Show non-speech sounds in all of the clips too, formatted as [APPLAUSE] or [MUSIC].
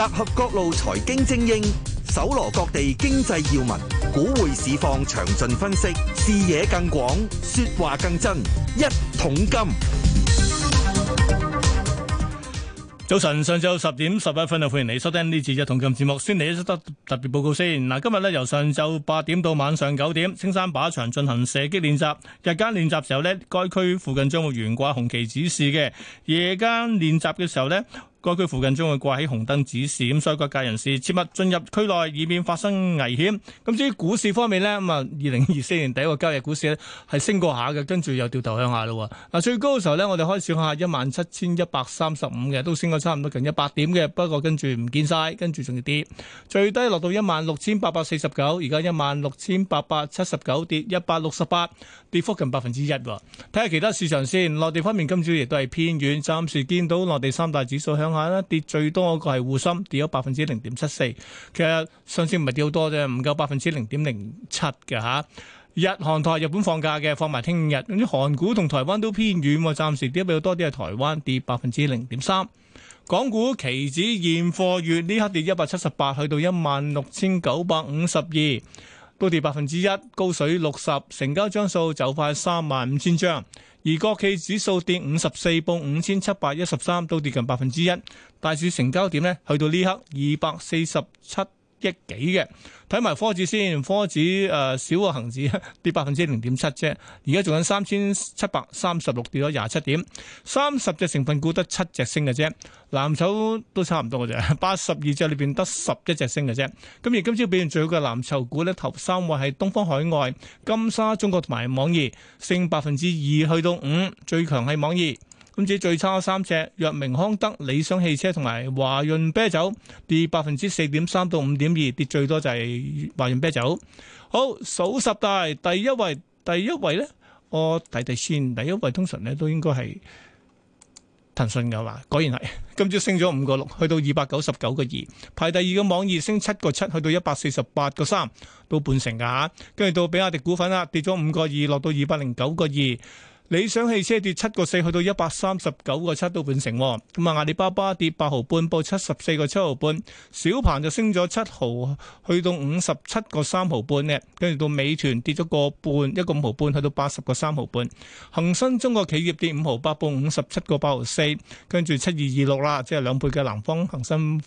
集合各路財經精英，蒐羅各地經濟要聞，股匯市況詳盡分析，視野更廣，說話更真。一桶金，早晨，上晝十點十一分啊！歡迎你收聽呢次嘅一桶金節目。先嚟一則特特別報告先。嗱，今日咧由上晝八點到晚上九點，青山靶場進行射擊練習。日間練習嘅時候呢，該區附近將會懸掛紅旗指示嘅；夜間練習嘅時候呢，該區附近將會掛起紅燈指示，咁所以各界人士切勿進入區內，以免發生危險。咁至於股市方面呢，咁啊二零二四年第一個交易股市呢，係升過下嘅，跟住又掉頭向下咯。嗱，最高嘅時候呢，我哋開始看下一萬七千一百三十五嘅，都升過差唔多近一百點嘅，不過跟住唔見晒，跟住仲要跌，最低落到一萬六千八百四十九，而家一萬六千八百七十九，跌一百六十八。跌幅近百分之一，睇下其他市場先。內地方面，今朝亦都係偏軟，暫時見到內地三大指數向下呢，跌最多嗰個係滬深，跌咗百分之零點七四。其實上次唔係跌好多啫，唔夠百分之零點零七嘅吓。日韓台，日本放假嘅，放埋聽日。韓股同台灣都偏軟，暫時跌比較多啲係台灣，跌百分之零點三。港股期指現貨月呢刻跌一百七十八，去到一萬六千九百五十二。都跌百分之一，高水六十，成交張數就快三萬五千張。而國企指數跌五十四，報五千七百一十三，都跌近百分之一。大市成交點呢，去到呢刻二百四十七。億幾嘅睇埋科指先，科指誒少過恒指跌百分之零點七啫。而家仲有三千七百三十六跌咗廿七點，三十隻成分股得七隻升嘅啫。藍籌都差唔多嘅啫，八十二隻裏邊得十一隻升嘅啫。咁而今朝表現最好嘅藍籌股咧，頭三位係東方海外、金沙中國同埋網易，升百分之二去到五，最強係網易。今朝最差三隻：藥明康德、理想汽車同埋華潤啤酒，跌百分之四點三到五點二，跌最多就係華潤啤酒。好，數十大第一位，第一位呢？我睇睇先，第一位通常呢都應該係騰訊噶嘛，果然係。今朝升咗五個六，去到二百九十九個二。排第二嘅網易升七個七，去到一百四十八個三，到半成噶吓。跟住到比亞迪股份啦，跌咗五個二，落到二百零九個二。理想汽車跌七個四，去到一百三十九個七到半成。咁啊，阿里巴巴跌八毫半，報七十四個七毫半。小鵬就升咗七毫，去到五十七個三毫半呢。跟住到美團跌咗個半，一個五毫半，去到八十個三毫半。恒生中國企業跌五毫八，報五十七個八毫四。跟住七二二六啦，即係兩倍嘅南方恆生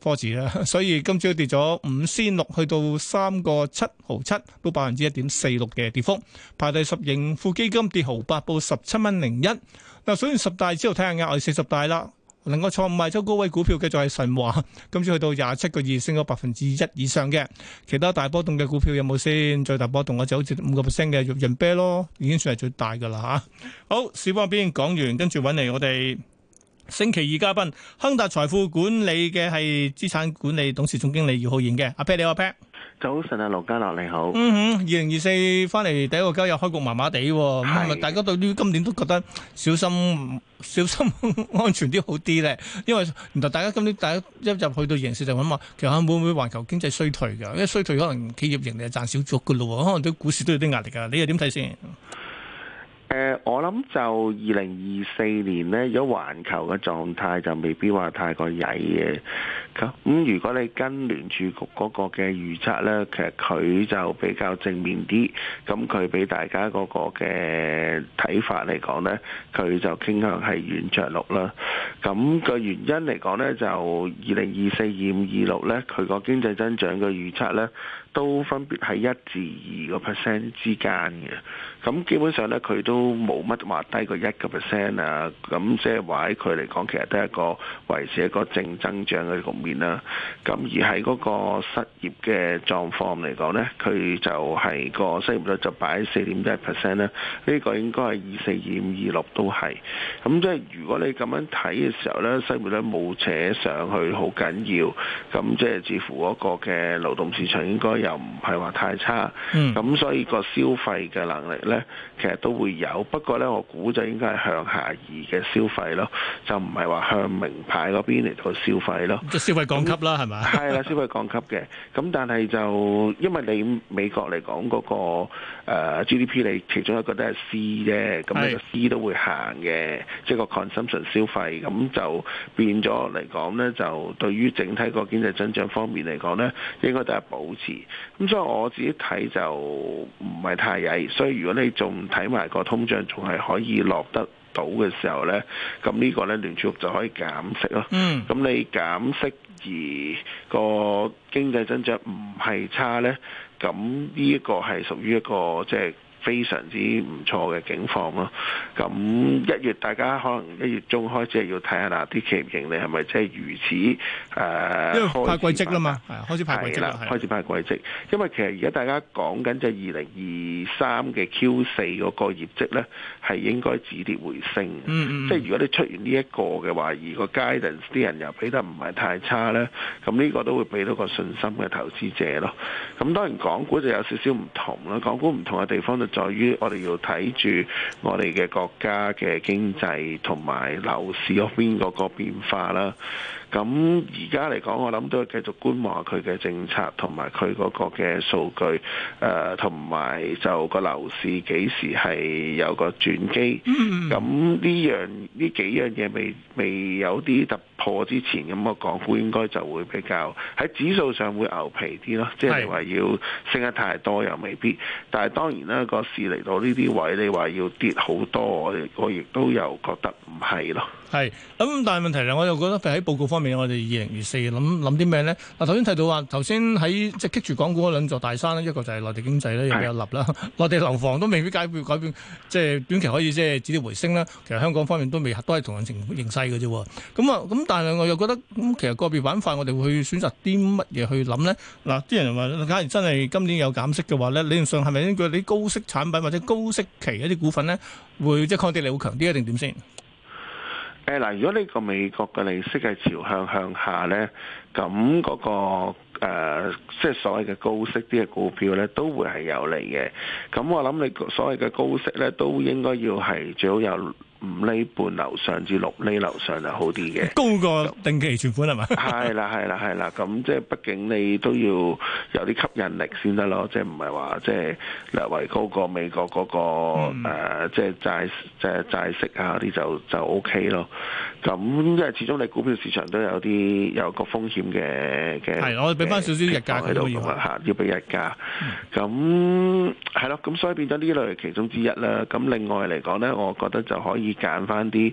科啦，所以今朝跌咗五仙六，去到三個七毫七，都百分之一點四六嘅跌幅。排第十盈富基金跌毫八，報十七蚊零一。嗱，所以十大之後睇下額外四十大啦，能夠創賣出高位股票嘅就係神華，今朝去到廿七個二，升咗百分之一以上嘅。其他大波動嘅股票有冇先？最大波動我就好似五個 percent 嘅潤潤啤咯，已經算係最大噶啦吓。好，小波邊講完，跟住搵嚟我哋。星期二，嘉賓亨達財富管理嘅係資產管理董事總經理姚浩然嘅。阿 Pat 你好，阿 Pat。早晨啊，盧嘉樂你好。嗯哼，二零二四翻嚟第一個交易開局麻麻地，咁、嗯、咪是大家對於今年都覺得小心、小心、 [LAUGHS] 安全啲好啲咧。因為原來大家今年第一一入去到形勢就諗話，其實會唔會環球經濟衰退噶？因為衰退可能企業盈利係賺少咗噶咯，可能對股市都有啲壓力噶。你又點睇先？誒、呃，我諗就二零二四年咧，有環球嘅狀態就未必話太過曳嘅。咁如果你跟聯儲局嗰個嘅預測呢，其實佢就比較正面啲。咁佢俾大家嗰個嘅睇法嚟講呢，佢就傾向係軟着陸啦。咁個原因嚟講呢，就二零二四、二五、二六呢，佢個經濟增長嘅預測呢，都分別係一至二個 percent 之間嘅。咁基本上咧，佢都冇乜話低過、啊、一個 percent 啊！咁即係話，佢嚟講其實都係一個維持一個正增長嘅局面啦、啊。咁而喺嗰個失業嘅狀況嚟講咧，佢就係個失業率就擺喺四點一 percent 啦。呢、啊這個應該係二四二五二六都係。咁即係如果你咁樣睇嘅時候咧，失業率冇扯上去好緊要。咁即係似乎嗰個嘅勞動市場應該又唔係話太差。咁所以個消費嘅能力。其實都會有，不過呢，我估就應該係向下移嘅消費咯，就唔係話向名牌嗰邊嚟到消費咯，消費降級啦，係咪？係啦，消費降級嘅，咁但係就因為你美國嚟講嗰個、誒、GDP，你其中一個都係 C 啫，咁呢個 C 都會行嘅，即係個 consumption 消費，咁就變咗嚟講呢，就對於整體個經濟增長方面嚟講呢，應該都係保持。咁所以我自己睇就唔係太曳，所以如果你。你仲睇埋個通脹，仲係可以落得到嘅時候咧，咁呢個咧，聯儲局就可以減息咯。咁你減息而個經濟增長唔係差咧，咁呢一個係屬於一個即係。就是非常之唔錯嘅境況咯，咁一月大家可能一月中開始要睇下哪啲企業盈利係咪真係如此誒、呃、開始派，因為派季績啦嘛，開始派季績，的因為其實而家大家講緊就係二零二三嘅 Q 四嗰個業績咧，係應該止跌回升。嗯嗯嗯。即係如果你出現呢一個嘅話，而個 Guidance 啲人又俾得唔係太差咧，咁呢個都會俾到個信心嘅投資者咯。咁當然港股就有少少唔同啦，港股唔同嘅地方在於我哋要睇住我哋嘅國家嘅經濟同埋樓市嗰邊嗰個變化啦。咁而家嚟講，我諗都係繼續觀望佢嘅政策，同埋佢嗰個嘅數據誒同埋就個樓市幾時係有個轉機。咁呢、嗯嗯、樣呢幾樣嘢未未有啲突破之前，咁個港股應該就會比較喺指數上會牛皮啲咯。即係話要升得太多又未必，是但係當然啦，個市嚟到呢啲位，你話要跌好多，我亦都又覺得唔係咯。係咁、嗯，但係問題咧，我就覺得喺報告方。我哋二零二四諗諗啲咩呢？嗱、啊，頭先提到話，頭先喺即係棘住港股嗰兩座大山咧，一個就係內地經濟咧，又比較立啦。內地樓房都未必改變，改變即係短期可以即係止跌回升啦。其實香港方面都未，都係同樣情形勢嘅啫。咁、嗯、啊，咁但係我又覺得，咁、嗯、其實個別板塊，我哋會選擇啲乜嘢去諗呢？嗱、啊，啲人話，假如真係今年有減息嘅話咧，理論上係咪應該啲高息產品或者高息期一啲股份呢？會即係抗跌力好強啲一定點先？如果呢個美國嘅利息係朝向向下呢，咁嗰個，呃，即係所謂嘅高息啲嘅股票呢，都會係有利嘅。咁我諗你所謂嘅高息呢，都應該要係最好有。五厘半樓上至六厘樓上就好啲嘅，高過定期存款係嘛？係啦， [LAUGHS] 係啦，係啦。咁即係畢竟你都要有啲吸引力先得咯。即係唔係話即係略為高過美國嗰、那個、嗯呃、即係債即係債息啊啲就就 O、OK、K 咯。咁即係始終你股票市場都有啲有個風險嘅嘅。係，我哋俾翻少少日價佢都用啊要俾日價。咁係咯，咁所以變咗呢類其中之一啦。咁、嗯、另外嚟講咧，我覺得就可以。揀翻啲。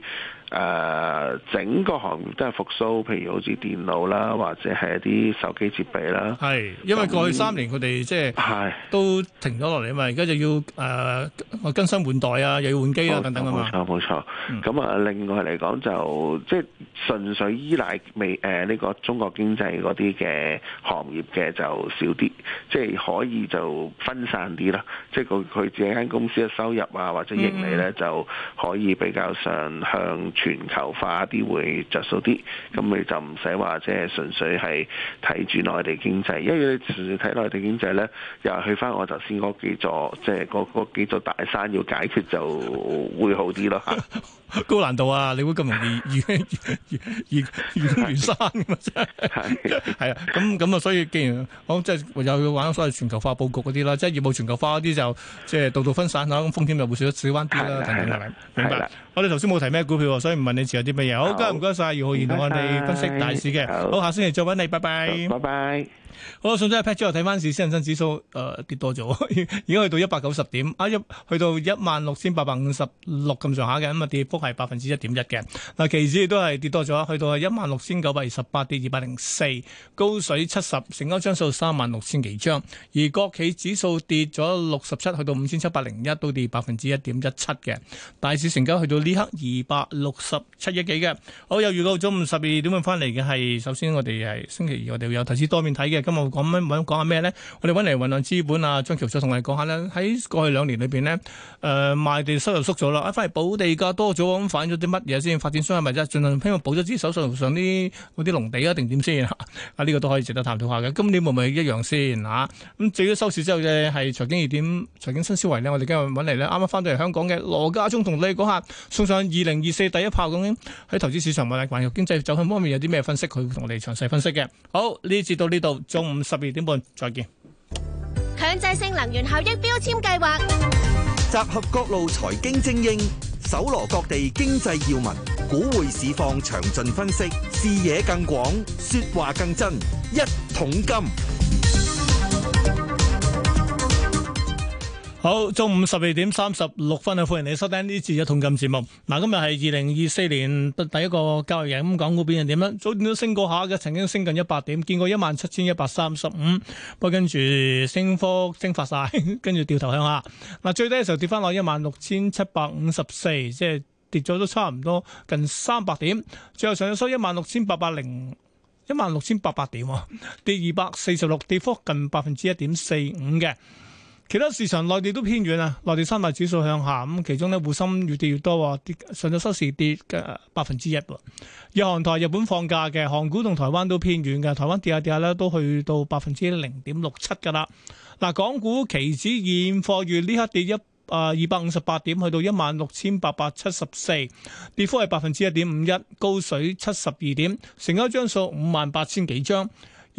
誒、uh, 整個行業都係復甦，譬如好似電腦啦，或者係一啲手機設備啦。係，因為過去三年佢哋即係都停咗落嚟啊嘛，而家就要誒、uh, 更新換代啊，又要換機啊錯等等啊嘛。冇錯冇錯，咁啊、嗯、另外嚟講就即係純粹依賴美誒呢個中國經濟嗰啲嘅行業嘅就少啲，即、就、係、是、可以就分散啲啦。即係佢佢自己間公司嘅收入啊，或者盈利咧就可以比較上向、嗯。全球化啲會着數啲，咁你就唔使話即係純粹係睇住內地經濟，因為你純粹睇內地經濟呢，又去翻我頭先嗰幾座，即係嗰幾座大山要解決就會好啲咯。高難度啊！你會咁容易而而而越越山咁嘛？真係係啊！咁咁啊，所以既然講即係又要玩所謂全球化布局嗰啲啦，即係業務全球化嗰啲就即係度度分散啦，咁風險又會少少翻啲啦。明白，明白的。我哋頭先冇提咩股票，所以唔問你持有啲乜嘢？好，今日唔該晒，姚浩然同我哋分析大市嘅。bye 好，好下星期再揾你，拜拜，拜拜。好，上張 pat 之後睇翻市，恒生指數誒跌多咗，而家去到一百九十點，啊一去到一萬六千八百五十六咁上下嘅，咁啊跌幅係百分之一點一嘅。嗱，期指亦都係跌多咗，去到係一萬六千九百二十八跌二百零四，高水七十，成交張數三萬六千幾張。而國企指數跌咗六十七，去到五千七百零一，都跌百分之一點一七嘅。大市成交去到呢刻二百六十七億幾嘅。好，又預告中午十二點翻嚟嘅係，首先我哋係星期二我哋會有投資多面睇嘅。今日講我想講下咩咧？我哋揾嚟雲浪資本啊，張喬再同我哋講下咧。喺過去兩年裏邊呢，誒、呃、賣地收入縮咗啦，一翻嚟補地價多咗，咁反映咗啲乜嘢先？發展商係咪真係盡量希望補咗啲手上啲啲農地啊，定點先啊？呢、這個都可以值得探討下嘅。今年會唔會一樣先啊？咁至於收市之後嘅係財經熱點、財經新思維呢。我哋今日揾嚟咧，啱啱翻到嚟香港嘅羅家聰同你講下，送上二零二四第一炮咁喺、啊那個、投資市場同埋環球經濟走向方面有啲咩分析，佢、啊、同我哋詳細分析嘅。好，呢節到呢度。中午十二點半再見。強制性能源效益標籤計劃，集合各路財經精英，搜羅各地經濟要聞，股匯市況詳盡分析，視野更廣，說話更真，一桶金。好，中午十二點三十六分啊，歡迎你收聽呢次嘅一桶金節目。嗱，今日係二零二四年第一個交易日，咁港股表現點咧？早段都升過下嘅，曾經升近一百點，見過一萬七千一百三十五，不過跟住升幅蒸發晒，跟 [LAUGHS] 住掉頭向下。嗱，最低嘅時候跌翻落一萬六千七百五十四，即係跌咗都差唔多近三百點。最後上咗收一萬六千八百零，一萬六千八百點，跌二百四十六，跌幅近百分之一點四五嘅。其他市場內地都偏軟啊，內地三大指數向下，咁其中咧滬深越跌越多，上咗收市跌嘅百分之一。日韓台，日本放假嘅，韓股同台灣都偏軟嘅，台灣跌下跌下咧都去到百分之零點六七㗎啦。嗱，港股期指現貨月呢刻跌一啊二百五十八點，去到一萬六千八百七十四，跌幅係百分之一點五一，高水七十二點，成交張數五萬八千幾張。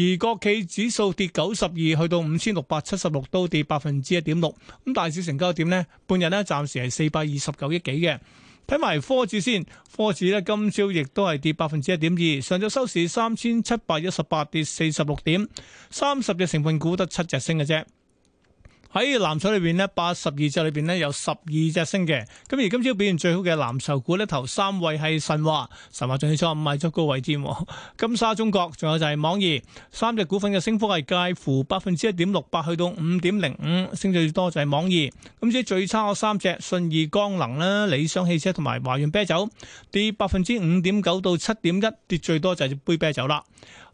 而國企指數跌九十二，去到五千六百七十六，都跌百分之一點六。咁大市成交點呢，半日呢暫時係四百二十九億幾嘅。睇埋科指先，科指呢今朝亦都係跌百分之一點二，上晝收市三千七百一十八，跌四十六點，三十隻成分股得七隻升嘅啫。喺藍籌裏邊呢八十二隻裏邊呢有十二隻升嘅。咁而今朝表現最好嘅藍籌股呢頭三位係神華，神華仲起初唔係足高位先。金沙中國，仲有就係網易，三隻股份嘅升幅係介乎百分之一點六八，去到五點零五，升最多就係網易。咁即最差嗰三隻，信義光能啦、理想汽車同埋華潤啤酒，跌百分之五點九到七點一，跌最多就係杯啤酒啦。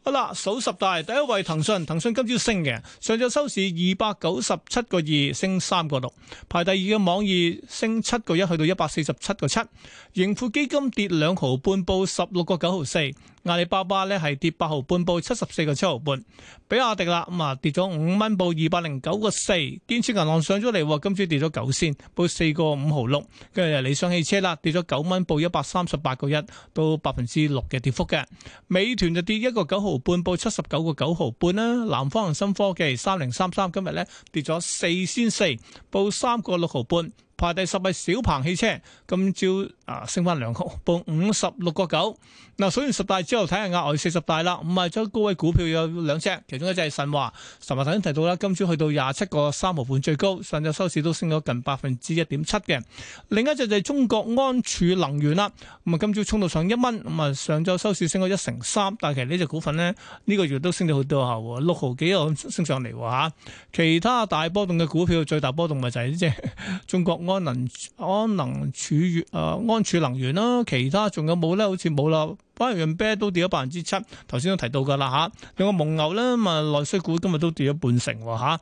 好啦，數十大第一位騰訊，騰訊今朝升嘅，上晝收市二百九十七個二，升三個六，排第二嘅網易升七個一，去到一百四十七個七，盈富基金跌兩毫半，報十六個九毫四。阿里巴巴咧係跌八毫半，報七十四個七毫半。比亞迪啦咁啊，跌咗五蚊，報二百零九個四。建設銀行上咗嚟，今朝跌咗九仙，報四個五毫六。跟住理想汽車啦，跌咗九蚊，報一百三十八個一，到百分之六嘅跌幅嘅。美團就跌一個九毫半，報七十九個九毫半啦。南方恒生科技三零三三今日咧跌咗四仙四，報三個六毫半。排第十位。小鵬汽車，今朝啊升翻兩毫，報五十六個九。嗱，數完十大之後，睇下額外四十大啦。咁啊，咁高位股票有兩隻，其中一隻係神華。神華頭先提到啦，今朝去到廿七個三毫半最高，上晝收市都升咗近百分之一點七嘅。另一隻就係中國安儲能源啦。咁啊，今朝衝到上一蚊，咁啊，上晝收市升咗一成三，但係其實呢隻股份咧呢、呢個月都升咗好多下，六毫幾又升上嚟吓。其他大波動嘅股票，最大波動咪就係呢隻中國安能安能儲熱啊，安儲能源啦。其他仲有冇咧？好似冇啦。反而潤啤都跌咗百分之七，頭先都提到㗎喇吓，兩個蒙牛咧，咪內需股今日都跌咗半成喎吓。啊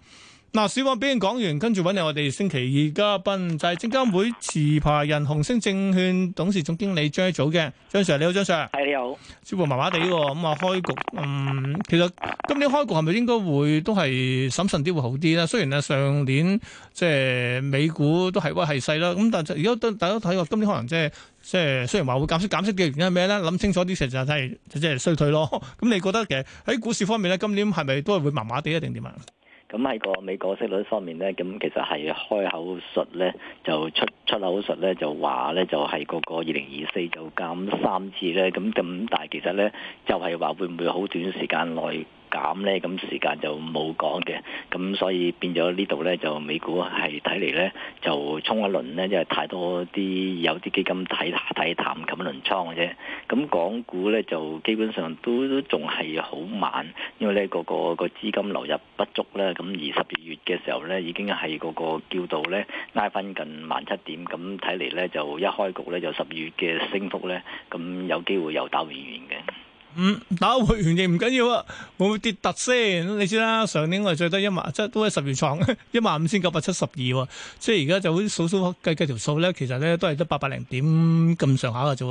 嗱，小王表現講完，跟住揾你，我哋星期二嘉賓，就係證監會持牌人、紅星證券董事總經理張一祖嘅張 Sir，你好，張 Sir。係你好。似乎麻麻地喎，咁啊開局，嗯，其實今年開局係咪應該會都係審慎啲會好啲咧？雖然咧上年即係、就是、美股都係屈係勢啦，咁但係而家大家都睇過，今年可能即係即係雖然話會減息減息嘅原因係咩咧？諗清楚啲、就是，實在睇即係衰退咯。咁、嗯、你覺得嘅喺股市方面咧，今年係咪都係會麻麻地一定點啊？咁喺個美國息率方面咧，咁其實係開口術咧，就出出口術咧就話咧就係、是、個個二零二四就減三次咧，咁咁但係其實咧就係、是、話會唔會好短時間內減咧？咁時間就冇講嘅，咁所以變咗呢度咧就美股係睇嚟咧就衝一輪咧，因為太多啲有啲基金睇下、睇淡冚一輪倉嘅啫。咁港股咧就基本上都仲係好慢，因為咧個個資金流入不足啦。咁而十二月嘅時候咧已經係個個叫到咧拉翻近萬七點。咁睇嚟咧就一開局咧就十二月嘅升幅咧，咁有機會又打完完嘅。嗯，打回原形唔緊要啊，會唔會跌突先？你知啦，上年我哋最低一萬， [LAUGHS] 即係都係十月創一萬五千九百七十二，即係而家就好似數數計計條數咧，其實咧都係得八百零點咁上下嘅啫，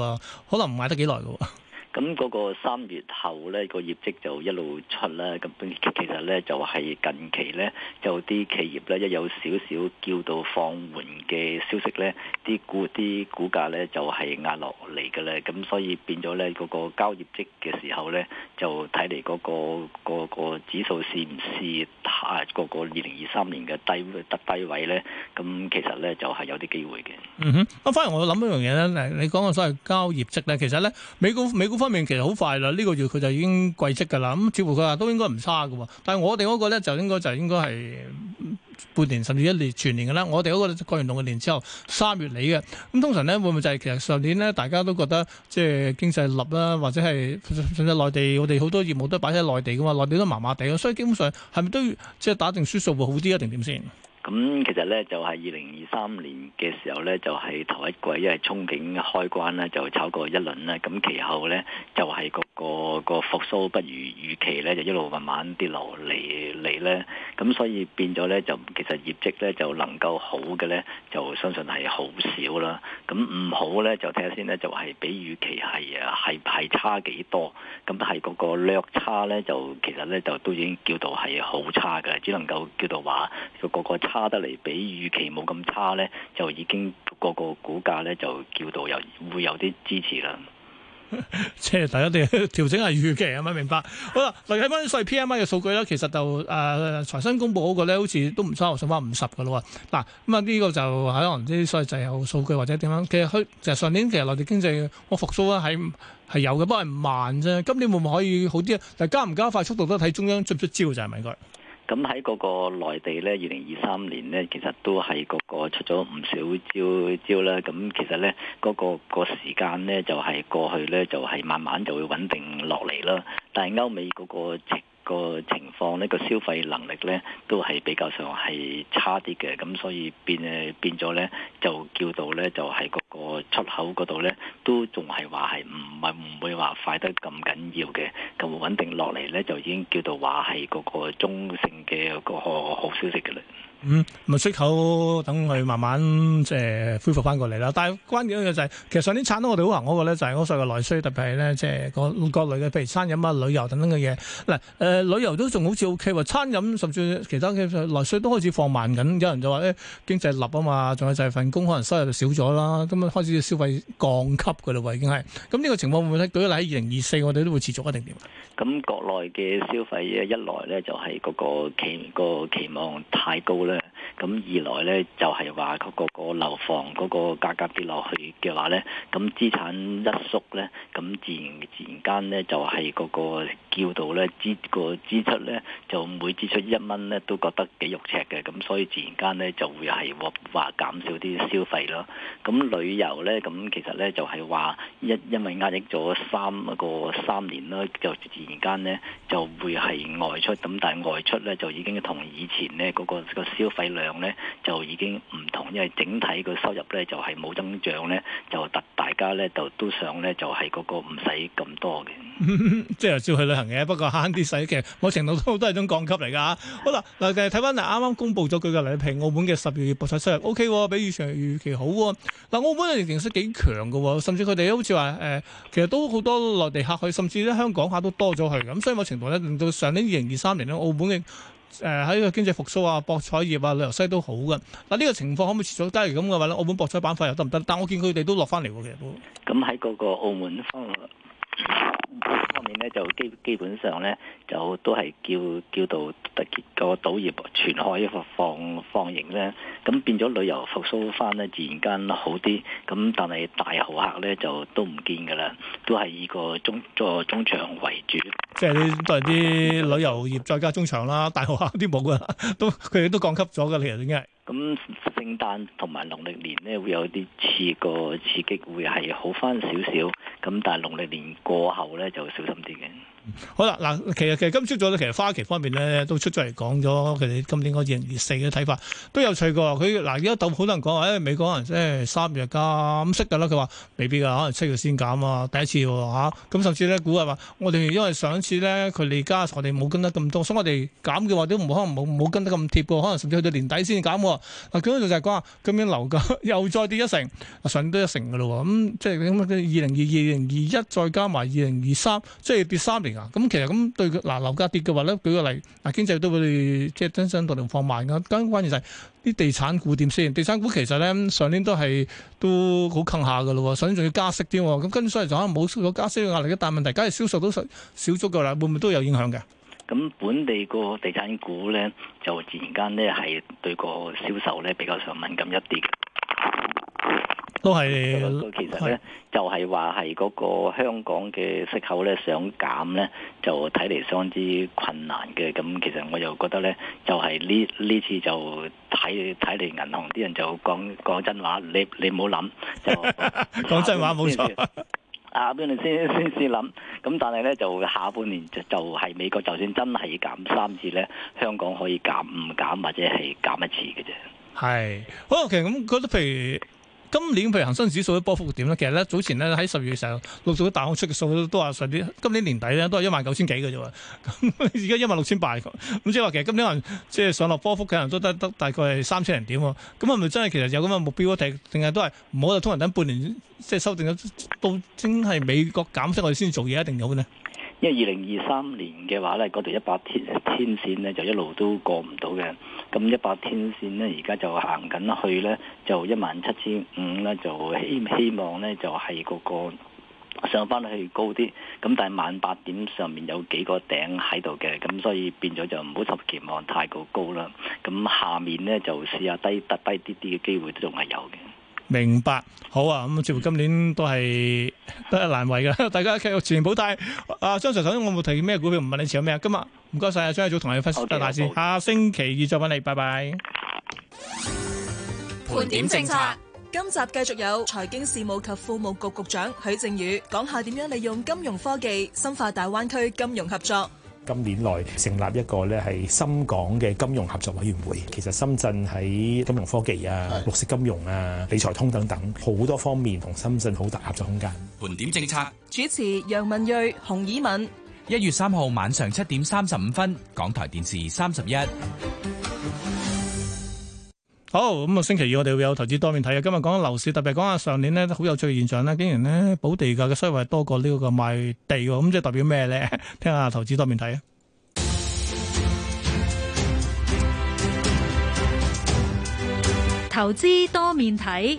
可能唔買得幾耐嘅。 [LAUGHS] 咁嗰個三月後咧，個業績就一路出啦。咁其實咧就係近期咧，有啲企業咧一有少少叫到放緩嘅消息咧，啲股啲股價咧就係壓落嚟嘅咧。咁所以變咗咧嗰個交業績嘅時候咧，就睇嚟嗰個指數係唔係太嗰個二零二三年嘅低得低位咧？咁其實咧就係有啲機會嘅。嗯哼，咁、啊、反而我諗一樣嘢咧，你講嘅所謂交業績咧，其實咧美股美股。美股方面其實好快啦，呢、這個月佢就已經季績噶啦。咁、嗯、似乎佢話都應該唔差嘅喎，但係我哋嗰個咧就應該就應該係半年甚至一年全年嘅啦。我哋嗰個過完農曆年之後，三月嚟嘅。咁、嗯、通常咧會唔會就係其實上年咧大家都覺得即係經濟立啦，或者係甚至內地我哋好多業務都擺喺內地嘅嘛，內地都麻麻地，所以基本上係咪都即係打定輸數會好啲啊？定點先？咁其實咧就係二零二三年嘅時候咧，就係、是、頭一季因為憧憬開關咧就炒過一輪啦。咁其後咧就係、是那個個復甦不如預期咧，就一路慢慢跌落嚟嚟咧。咁所以變咗咧就其實業績咧就能夠好嘅咧，就相信係好少啦。咁唔好咧就睇下先咧，就係、就是、比預期係誒係係差幾多？咁但係個略差咧就其實咧就都已經叫做係好差嘅，只能夠叫做話個個。差得嚟比預期冇咁差咧，就已經個個股價咧就叫到有會有啲支持啦。即係 [LAUGHS] 大家哋調整下預期，係咪明白？明白 [LAUGHS] 好啦，嚟睇翻啲所謂 P M I 嘅數據啦。其實就誒、呃、財新公佈嗰個咧，好似都唔差不，我上翻五十嘅咯喎。嗱咁啊，呢、這個就喺我唔知所謂滯後數據或者點樣。其實佢就上年其實內地經濟我復甦啊，係係有嘅，不過係慢啫。今年會唔可以好啲啊？但加唔加快速度都睇中央出唔出招就係咪應咁喺嗰個內地咧，二零二三年咧，其實都係嗰個出咗唔少招招啦。咁其實咧，嗰個個時間咧，就係過去咧，就係慢慢就會穩定落嚟啦。但係歐美嗰個個情況呢，個消費能力呢都係比較上係差啲嘅，咁所以變誒變咗呢，就叫做呢，就係個、就係、個出口嗰度呢，都仲係話係唔係唔會話快得咁緊要嘅，咁穩定落嚟呢，就已經叫做話係個個中性嘅、個個好，好消息嘅啦。嗯，咪需求等佢慢慢即係、呃、恢復翻過嚟啦。但係關鍵嘅就係、是，其實上年撐得我哋好行嗰個咧，就係嗰個內需，特別係咧，即係國內嘅，譬如餐飲啊、旅遊等等嘅嘢。嗱、呃，誒、呃，旅遊都仲好似 O K，餐飲甚至其他嘅內需都開始放慢緊。有人就話咧、欸，經濟立啊嘛，仲有就係份工可能收入少咗啦，咁啊開始消費降級噶啦喎，已經係。咁呢個情況會唔會咧？舉例喺二零二四，我哋都會持續一定點？咁國內嘅消費一來咧，就係嗰個期、嗰個期望太高。咁二來呢，就係話，個個樓房嗰個價格跌落去嘅話呢，咁資產一縮呢，咁自然自然間呢，就係嗰個叫到呢支個支出呢，就每支出一蚊呢，都覺得幾肉赤嘅，咁所以自然間呢，就會係話話減少啲消費咯。咁旅遊呢，咁其實呢，就係話一因為壓抑咗三個三年啦，就自然間呢，就會係外出，咁但係外出呢，就已經同以前呢嗰個個消費量，咧就已經唔同，因為整體個收入咧就係、是、冇增長咧，就突大家咧就都、都想咧就係、是、嗰個唔使咁多嘅，即係又照去旅行嘅，不過慳啲使嘅，某程度都都係一種降級嚟㗎嚇。好啦，嗱睇翻嗱啱啱公布咗佢嘅禮評，澳門嘅十二月博彩收入 OK，比預上預期好、哦。嗱，澳門嘅形勢幾強㗎、哦，甚至佢哋好似話誒，其實都好多內地客去，甚至咧香港客都多咗去咁，所以某程度咧令到上年二零二三年咧澳門嘅。誒喺呢個經濟復甦啊，博彩業啊、旅遊西都好㗎。嗱呢個情況可唔可以持續？假如咁嘅話咧，澳門博彩板塊又得唔得？但我見佢哋都落翻嚟喎，其實都。咁喺嗰個澳門方面。面咧就基基本上咧就都係叫叫到特個賭業全開放放型咧，咁變咗旅遊復甦翻咧，自然間好啲。咁但係大豪客咧就都唔見㗎喇，都係以個中個中場為主，即係你都係啲旅遊業再加中場啦，大豪客啲冇㗎，都佢哋都降級咗㗎，其實點解？咁聖誕同埋農曆年呢，會有啲刺個刺激會點點，會係好翻少少。咁但係農曆年過後呢，就會小心啲嘅。好啦，嗱，其實其實今朝早咧，其實花旗方面咧都出咗嚟，講咗佢哋今年嗰，二零二四嘅睇法都有趣過。佢嗱而家有好多人講話，誒、哎，美國人即係、哎、三月減，咁識噶啦。佢、嗯、話未必噶，可能七月先減啊。第一次吓、啊，咁、啊嗯、甚至呢估係話，我哋因為上一次呢，佢而家，我哋冇跟得咁多，所以我哋減嘅話都唔可能冇跟得咁貼噶，可能甚至去到年底先減、啊。嗱、啊，佢嗰度就係話今年樓價，又再跌一成，上年都一成噶啦。咁、嗯、即係二零二二零二一再加埋二零二三，即係跌三年。咁其實咁對嗱樓價跌嘅話咧，舉個例，嗱經濟都會即係增長動能放慢嘅，咁關鍵就係啲地產股點先？地產股其實咧上年都係都好坑下噶咯，上年仲要加息添，咁跟住所以就可能冇咗加息嘅壓力，但係問題，梗係銷售都少足噶啦，會唔會都有影響嘅？咁本地個地產股咧，就自然間咧係對個銷售咧比較上敏感一啲。都係其實咧，就係話係嗰個香港嘅息口咧想減咧，就睇嚟，相當之困難嘅。咁其實我又覺得咧，就係呢呢次就睇睇嚟，銀行啲人就講講真話，你你唔好諗。講 [LAUGHS] 真話冇錯。啊，啊邊你先先先諗。咁但係咧，就下半年就就係美國就算真係減三次咧，香港可以減唔減或者係減一次嘅啫？係，好其實咁覺得譬如。今年譬如恒生指數啲波幅點咧？其實咧早前咧喺十月嘅時候六度上陸續大行出嘅數都話上年今年年底咧都係一萬九千幾嘅啫喎。咁而家一萬六千八，咁即係話其實今年即係上落波幅嘅人都得得大概係三千零點喎，咁係咪真係其實有咁嘅目標定定係都係唔好就通常等半年即係收定咗到真係美國減息我哋先做嘢一定有嘅呢？因為二零二三年嘅話，呢嗰度一百天天線呢就一路都過唔到嘅。咁一百天線呢而家就行緊去呢，就一萬七千五呢，就希希望呢就係嗰個上返去高啲。咁但係萬八點上面有幾個頂喺度嘅，咁所以變咗就唔好十期望太過高啦。咁下面呢，就試下低突低啲啲嘅機會都仲係有嘅。明白，好啊！咁似乎今年都係都係難為嘅，大家繼續全面保底。啊，張 Sir，我冇提咩股票，唔問你持有咩啊。今日唔該曬啊，張一組同你分享多謝大師，下星期二再揾你，拜拜。盤點政策，今集繼續有財經事務及庫務局局長許正宇講下點樣利用金融科技深化大灣區金融合作。今年內成立一個咧係深港嘅金融合作委員會，其實深圳喺金融科技啊、的綠色金融啊、理財通等等好多方面同深圳好大合作空間。盤點政策，主持楊文睿、洪綺敏。一月三號晚上七點三十五分，港台電視三十一。好咁啊！星期二我哋會有投資多面睇啊。今日講樓市，特別講下上年咧好有趣嘅現象咧，竟然咧補地價嘅收益多過呢個賣地，咁即係代表咩咧？聽下投資多面睇啊！投資多面睇。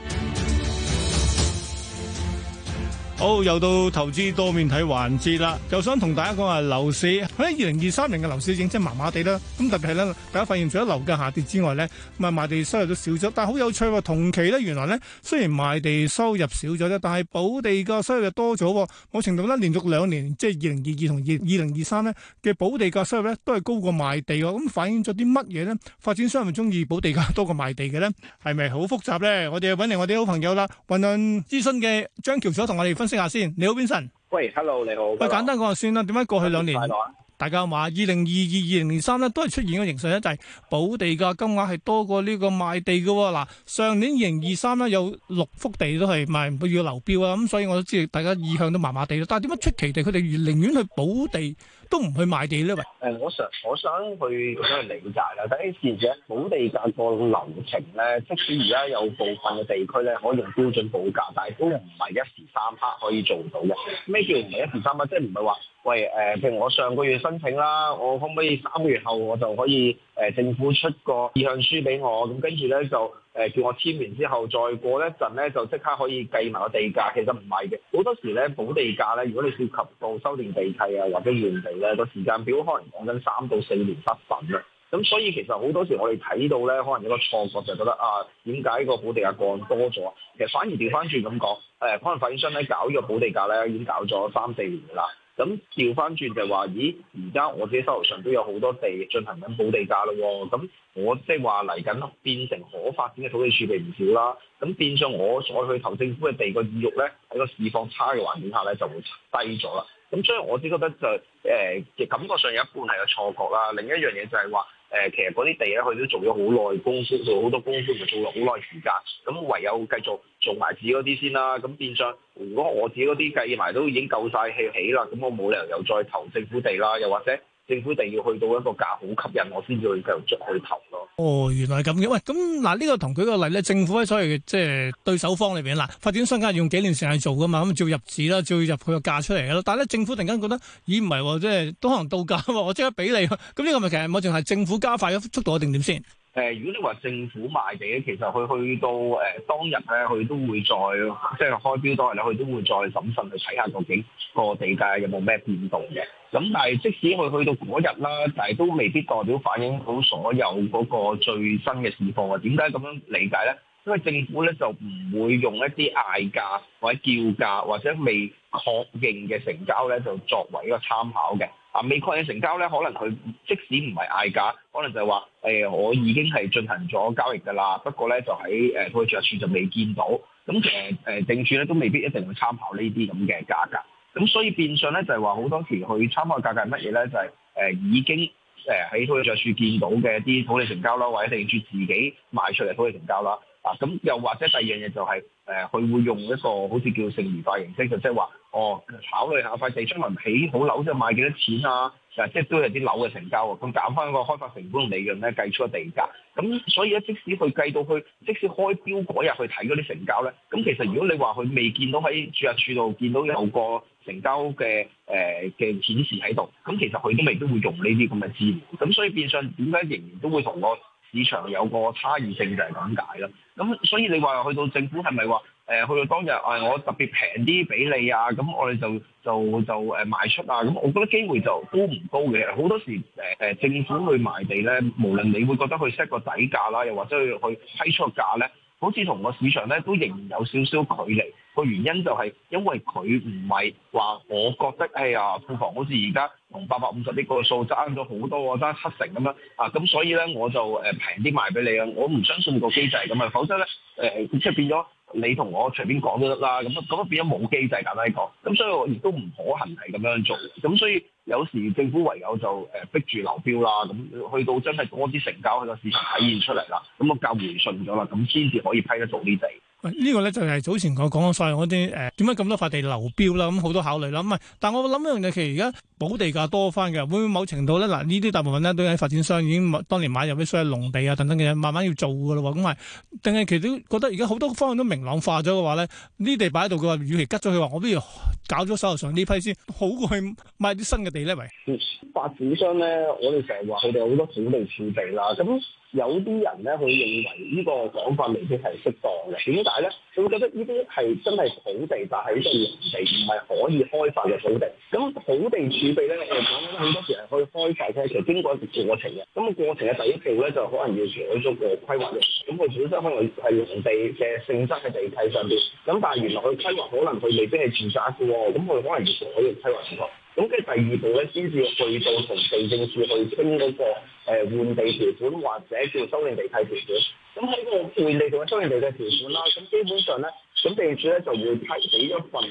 好，oh, 又到投資多面睇環節啦，又想同大家講下樓市喺二零二三年嘅樓市已經真麻麻地啦。咁特別係咧，大家發現除咗樓價下跌之外咧，賣地收入都少咗，但係好有趣喎。同期咧，原來咧雖然賣地收入少咗啫，但係補地價收入又多咗。某程度咧，連續兩年即係二零二二同二二零二三咧嘅補地價收入咧都係高過賣地嘅。咁反映咗啲乜嘢咧？發展商係咪中意補地價多過賣地嘅咧？係咪好複雜咧？我哋揾嚟我哋好朋友啦，問問諮詢嘅張橋所同我哋分享。下先，你好 Vincent？喂，Hello，你好。Vincent、hey, hello, 喂，簡單講就算啦。點解過去兩年，Hello. 大家話二零二二、二零二三咧，都係出現個形勢咧，就係、是、補地價金額係多過呢個賣地噶。嗱、啊，上年二零二三咧有六幅地都係賣唔到要流標啊，咁所以我都知大家意向都麻麻地啦。但係點解出奇地，佢哋寧願去補地？都唔去買地啦。喂！誒，我想我想去想去理解啦。第一件事咧，補地價個流程咧，即使而家有部分嘅地區咧可以用標準補價，但係都唔係一時三刻可以做到嘅。咩叫唔係一時三刻？即係唔係話，喂誒、呃，譬如我上個月申請啦，我可唔可以三個月後我就可以誒政府出個意向書俾我？咁跟住咧就。誒叫我簽完之後，再過一陣咧，就即刻可以計埋個地價。其實唔係嘅，好多時咧補地價咧，如果你涉及到修訂地契啊，或者原地咧，個時間表可能講緊三到四年失準啦。咁所以其實好多時我哋睇到咧，可能一個錯覺就覺得啊，點解個補地價降多咗？其實反而調翻轉咁講，誒可能發展商咧搞呢個補地價咧，已經搞咗三四年㗎啦。咁調翻轉就係、是、話，咦？而家我自己手頭上都有好多地進行緊補地價咯，咁我即係話嚟緊變成可發展嘅土地儲備唔少啦，咁變相我再去投政府嘅地個意欲咧，喺個市況差嘅環境下咧就會低咗啦。咁所以我只覺得就誒、是、嘅、呃、感覺上有一半係有錯覺啦。另一樣嘢就係話。誒、呃，其實嗰啲地咧，佢都做咗好耐功夫，好多功夫，就做咗好耐時間。咁唯有繼續做埋自己嗰啲先啦。咁變相，如果我自己嗰啲計埋都已經夠晒氣起啦，咁我冇理由又再投政府地啦，又或者？政府一定要去到一個價好吸引我先至去繼續去投咯。哦，原來係咁嘅。喂，咁嗱呢個同佢個例咧，政府喺所謂嘅即係對手方入面嗱，發展商梗係用幾年時間做噶嘛，咁做入紙啦，做入佢個價出嚟嘅咯。但係咧，政府突然間覺得，咦，唔係喎，即係都可能到價喎，我即刻俾你。咁呢個咪其實唔淨係政府加快咗速度嘅定點先。誒，如果你話政府賣地咧，其實佢去到誒當日咧，佢都會再即係開標當日咧，佢都會再審慎去睇下究竟個地價有冇咩變動嘅。咁但係即使佢去到嗰日啦，但係都未必代表反映到所有嗰個最新嘅市況啊？點解咁樣理解咧？因為政府咧就唔會用一啲嗌價或者叫價或者未確認嘅成交咧，就作為一個參考嘅。啊，未確認成交咧，可能佢即使唔係嗌價，可能就話誒、哎，我已經係進行咗交易㗎啦。不過咧，就喺誒土地註冊處就未見到。咁其實誒定處咧都未必一定會參考呢啲咁嘅價格。咁所以變相咧就係話好多時去參考嘅價格係乜嘢咧？就係、是、誒已經誒喺土地註冊處見到嘅一啲土地成交啦，或者定住自己賣出嚟土地成交啦。啊，咁又或者第二樣嘢就係、是，誒、呃，佢會用一個好似叫剩餘化形式，就即係話，哦，考慮下塊地將來起好樓，即係賣幾多錢啊？嗱、啊啊，即係都有啲樓嘅成交喎，咁減翻個開發成本同利潤咧，計出個地價。咁所以咧，即使佢計到去，即使開標嗰日去睇嗰啲成交咧，咁、嗯嗯、其實如果你話佢未見到喺住入處度見到有個成交嘅誒嘅顯示喺度，咁其實佢都未必會用呢啲咁嘅資料。咁、嗯、所以變相點解仍然都會同我？市場有個差異性就係咁解啦，咁所以你話去到政府係咪話誒去到當日誒、哎、我特別平啲俾你啊？咁我哋就就就誒賣出啊？咁我覺得機會就都唔高嘅，好多時誒誒、呃、政府去賣地咧，無論你會覺得佢 set 個底價啦，又或者去批出個價咧，好似同個市場咧都仍然有少少距離。個原因就係因為佢唔係話，我覺得哎呀，庫房好似而家同八百五十億個數爭咗好多我啊，爭七成咁樣啊，咁所以咧我就誒平啲賣俾你啊，我唔相信個機制咁啊，否則咧誒即係變咗你同我隨便講都得啦，咁啊咁啊變咗冇機制簡單啲講，咁所以我亦都唔可行係咁樣做，咁所以有時政府唯有就誒逼住流標啦，咁去到真係多啲成交，去個市場體現出嚟啦，咁啊較回順咗啦，咁先至可以批得到呢地。呢個咧就係早前我講過曬嗰啲誒點解咁多塊地流標啦，咁好多考慮啦。咁啊，但我諗一樣就其實而家補地價多翻嘅，會唔會某程度咧嗱，呢啲大部分咧都喺發展商已經當年買入啲所謂農地啊等等嘅嘢，慢慢要做嘅咯喎。咁啊，定係其實都覺得而家好多方向都明朗化咗嘅話咧，呢地擺喺度佢話，與其吉咗，佢話我不如搞咗手頭上呢批先，好過去買啲新嘅地咧，咪發展商咧，我哋成日話佢哋好多土地儲備啦，咁。有啲人咧，佢認為呢個講法明顯係適當嘅。點解咧？佢覺得呢啲係真係土地，但係呢啲用地唔係可以開發嘅土地。咁土地儲備咧，我哋講咗好多時係可以開發嘅，其實經過一段過程嘅。咁個過程嘅第一步咧，就可能要做咗個規劃嘅。咁佢本身可能係用地嘅性質嘅地契上面。咁但係原來佢規劃可能佢未必係住宅嘅喎，咁佢可能完全可以規劃其他。咁嘅第二步咧，先至去到同地政署去傾嗰、那個誒、呃、換地條款，或者叫收認地契條款。咁喺、這個換地同收認地契條款啦，咁基本上咧，咁地政咧就會批俾一份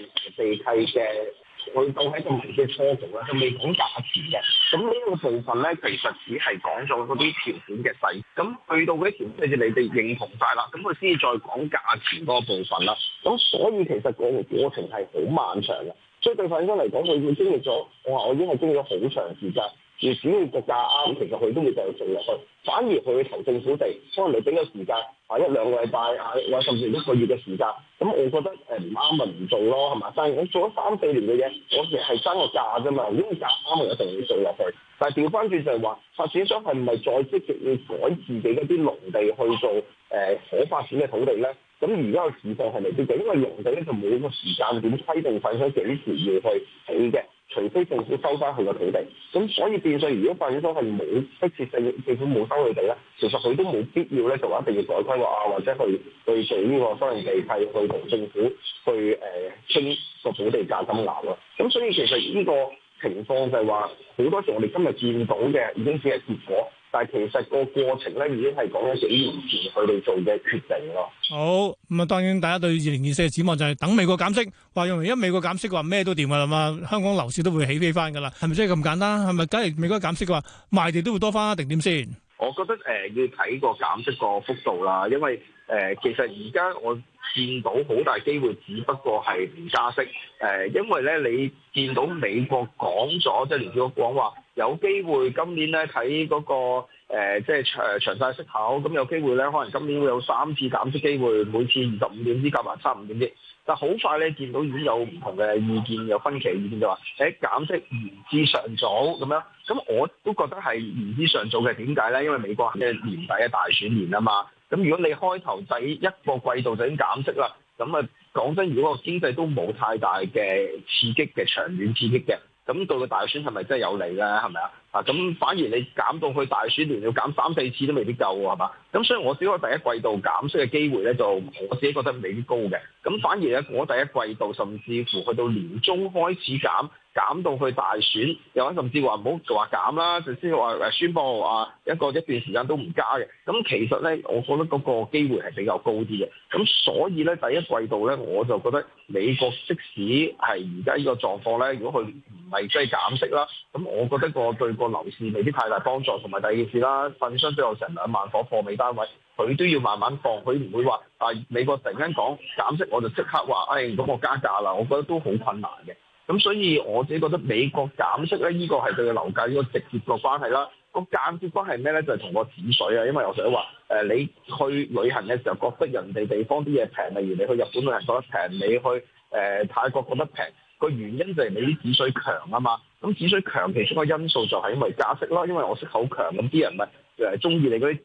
地契嘅去到喺個文件初稿啦，佢未講價錢嘅。咁呢個部分咧，其實只係講咗嗰啲條款嘅細。咁去到嗰啲條你哋認同晒啦，咁佢先至再講價錢嗰部分啦。咁所以其實個過程係好漫長嘅。即係對發展商嚟講，佢已經經歷咗，我話我已經係經歷咗好長時間，而只要個價啱，其實佢都會繼續做落去。反而佢會投政府地，可能你整個時間，啊一兩個禮拜，啊有甚至一個月嘅時間，咁我覺得誒唔啱咪唔做咯，係咪？但係我做咗三四年嘅嘢，我哋係爭個價啫嘛，如果價啱，我一定要做落去。但係調翻轉就係話，發展商係唔係再積極要改自己一啲農地去做誒、呃、可發展嘅土地咧？咁而家個市況係咪先？因為農地咧，就冇個時間點規定發起幾時要去起嘅，除非政府收翻佢個土地。咁所以變相，如果發展商係冇迫切性，政府冇收佢地咧，其實佢都冇必要咧，就一定要改規劃啊，或者去去做呢個私人地契，去同政府去誒傾個土地價金額咯。咁所以其實呢個情況就係話，好多時我哋今日見到嘅已經只係結果。但係其實個過程咧已經係講緊幾年前佢哋做嘅決定咯。好咁啊！當然大家對二零二四嘅展望就係等美國減息，話因為因為美國減息嘅話咩都掂噶啦嘛，香港樓市都會起飛翻噶啦，係咪真係咁簡單？係咪？梗係美國減息嘅話，賣地都會多翻定點先？我覺得誒、呃、要睇個減息個幅度啦，因為誒、呃、其實而家我。見到好大機會，只不過係唔加息。誒、呃，因為咧，你見到美國講咗，即係聯儲局講話，有機會今年咧睇嗰個、呃、即係長長曬息口。咁有機會咧，可能今年會有三次減息機會，每次二十五點子夾埋三五點子。但好快咧，見到已經有唔同嘅意見，有分歧意見就話，誒，減息言之尚早咁樣。咁我都覺得係言之尚早嘅。點解咧？因為美國係年底嘅大選年啊嘛。咁如果你開頭第一個季度就已經減息啦，咁啊講真，如果個經濟都冇太大嘅刺激嘅長遠刺激嘅，咁到個大選係咪真係有利咧？係咪啊？啊咁反而你減到去大選年要減三四次都未必夠喎，係嘛？咁所以我睇個第一季度減息嘅機會咧，就我自己覺得未必高嘅。咁反而咧，我第一季度甚至乎去到年中開始減。減到去大選，又或者甚至話唔好話減啦，就先話誒宣佈話一個一段時間都唔加嘅。咁其實咧，我覺得嗰個機會係比較高啲嘅。咁所以咧，第一季度咧，我就覺得美國即使係而家呢個狀況咧，如果佢唔係即係減息啦，咁我覺得個對個樓市未必太大幫助。同埋第二件事啦，粉商都有成兩萬房貨尾單位，佢都要慢慢放，佢唔會話啊美國突然間講減息，我就即刻話誒咁我加價啦。我覺得都好困難嘅。咁所以我自己覺得美國減息咧，依、這個係對個樓價依個直接個關係啦。這個間接關係咩咧？就係、是、同個紙水啊。因為我成日都話你去旅行嘅時候覺得人哋地方啲嘢平，例如你去日本旅行覺得平，你去誒、呃、泰國覺得平，個原因就係你啲紙水強啊嘛。咁紙水強，其中一個因素就係因為加息啦，因為我息口強，咁啲人咪。誒中意你嗰啲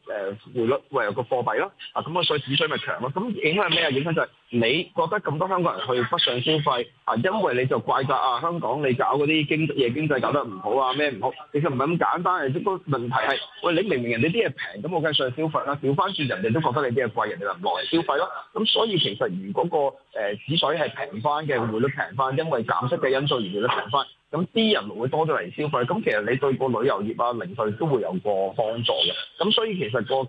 誒匯率為個貨幣咯、啊，啊咁啊、哦、所以紙水咪強咯，咁影響咩啊？影響就係你覺得咁多香港人去北上消費，啊，啊因為你就怪責啊香港你搞嗰啲經嘢、啊、經濟搞得唔好啊咩唔好，其實唔係咁簡單，係、啊、個問題係，喂、哎、你明明人哋啲嘢平，咁我梗係上消費啊。調翻轉人哋都覺得你啲嘢貴，人哋就唔落嚟消費咯、啊，咁所以其實如果、那個誒紙水係平翻嘅，匯率平翻，因為減息嘅因素而匯率平翻。咁啲人會多咗嚟消費，咁其實你對個旅遊業啊、零售都會有個幫助嘅。咁所以其實個誒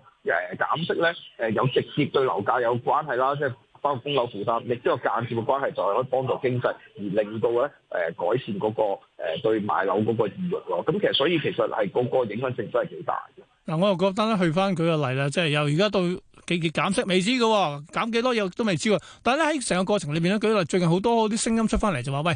減息咧，誒有直接對樓價有關係啦，即係包括供樓負擔，亦都有間接嘅關係在，可以幫助經濟而令到咧誒、呃、改善嗰、那個誒、呃、對買樓嗰個意欲咯。咁其實所以其實係個個影響性都係幾大嘅。嗱、嗯，我又覺得咧，去翻佢個例咧，即、就、係、是、由而家到幾級減息未知嘅、哦，減幾多又都未知嘅。但係咧，喺成個過程裏邊咧，舉例，最近好多啲聲音，出翻嚟就話，喂，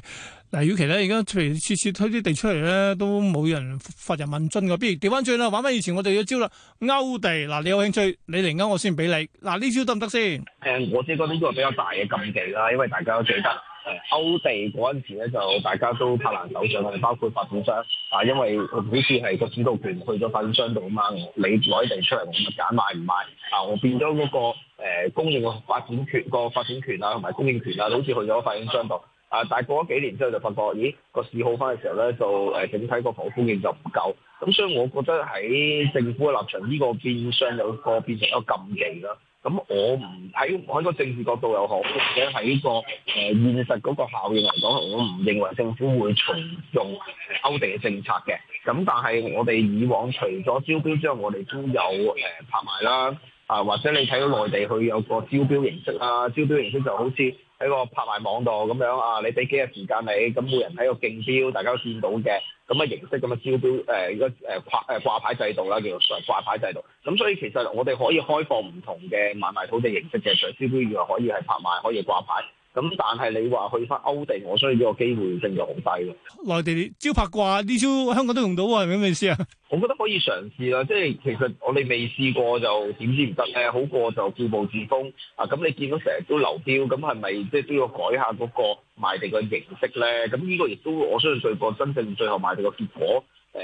嗱，與其咧，而家譬如次次推啲地出嚟咧，都冇人發人問津嘅。不如調翻轉啦，玩翻以前我哋要招啦，勾地。嗱，你有興趣，你嚟勾我先俾你。嗱，呢招得唔得先？誒、嗯，我覺得呢個比較大嘅禁忌啦，因為大家都記得。誒，歐地嗰陣時咧，就大家都拍爛手掌，係包括發展商，啊，因為好似係個主導權去咗發展商度啊嘛，你攞地出嚟，我揀買唔買？啊，我變咗嗰、嗰個誒供應個發展權、個發展權啊，同埋供應權啊，好似去咗發展商度。啊，但係過咗幾年之後就發覺，咦，個市好翻嘅時候咧，就誒整體個房屋供應就唔夠。咁所以，我覺得喺政府嘅立場，呢、呢個變相有個變成一個禁忌咯。咁我唔喺我喺個政治角度又好，或者喺個誒、呃、現實嗰個效應嚟講，我唔認為政府會重用勾地嘅政策嘅。咁但係我哋以往除咗招標之外，我哋都有誒、呃、拍賣啦。啊，或者你睇到內地佢有個招標形式啊，招標形式就好似喺個拍賣網度咁樣啊，你俾幾日時間你，咁每人喺個競標，大家都見到嘅。咁嘅形式，咁嘅招標誒，而家誒掛掛牌制度啦，叫做掛牌制度。咁所以其實我哋可以開放唔同嘅買賣土地形式嘅，除咗招標以外可以係拍賣，可以掛牌。咁但係你話去翻歐地，我相信呢個機會性就好低咯。內地招拍掛呢招香港都用到啊，係咪咁意思啊？我覺得可以嘗試啦，即係其實我哋未試過就點知唔得咧。好過就固步自封啊！咁你見到成日都流標，咁係咪即係都要改下嗰個賣地嘅形式咧？咁呢個亦都我相信，最過真正最後賣地嘅結果。誒、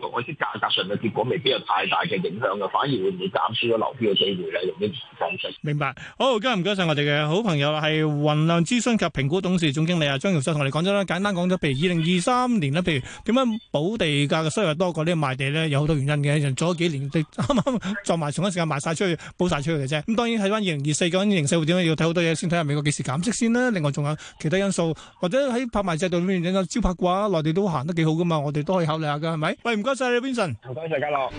嗯，我知價格上嘅結果未必有太大嘅影響噶，反而會唔會減少咗流標嘅機會咧？用明白好，今日唔該晒我哋嘅好朋友係雲量諮詢及評估董事總經理啊張玉生，同我哋講咗啦，簡單講咗譬如二零二三年咧，譬如點樣補地價嘅收入多過呢個賣地咧，有好多原因嘅，人做咗幾年，啱啱作埋，同一時間賣晒出去，補晒出去嘅啫。咁當然喺翻二零二四嗰陣形勢會點咧，要睇好多嘢先睇下美國幾時減息先啦。另外仲有其他因素，或者喺拍賣制度裏面招拍嘅話，內地都行得幾好噶嘛，我哋都可以考慮下噶。係咪？喂，唔該曬，Vincent。唔該，大家樂。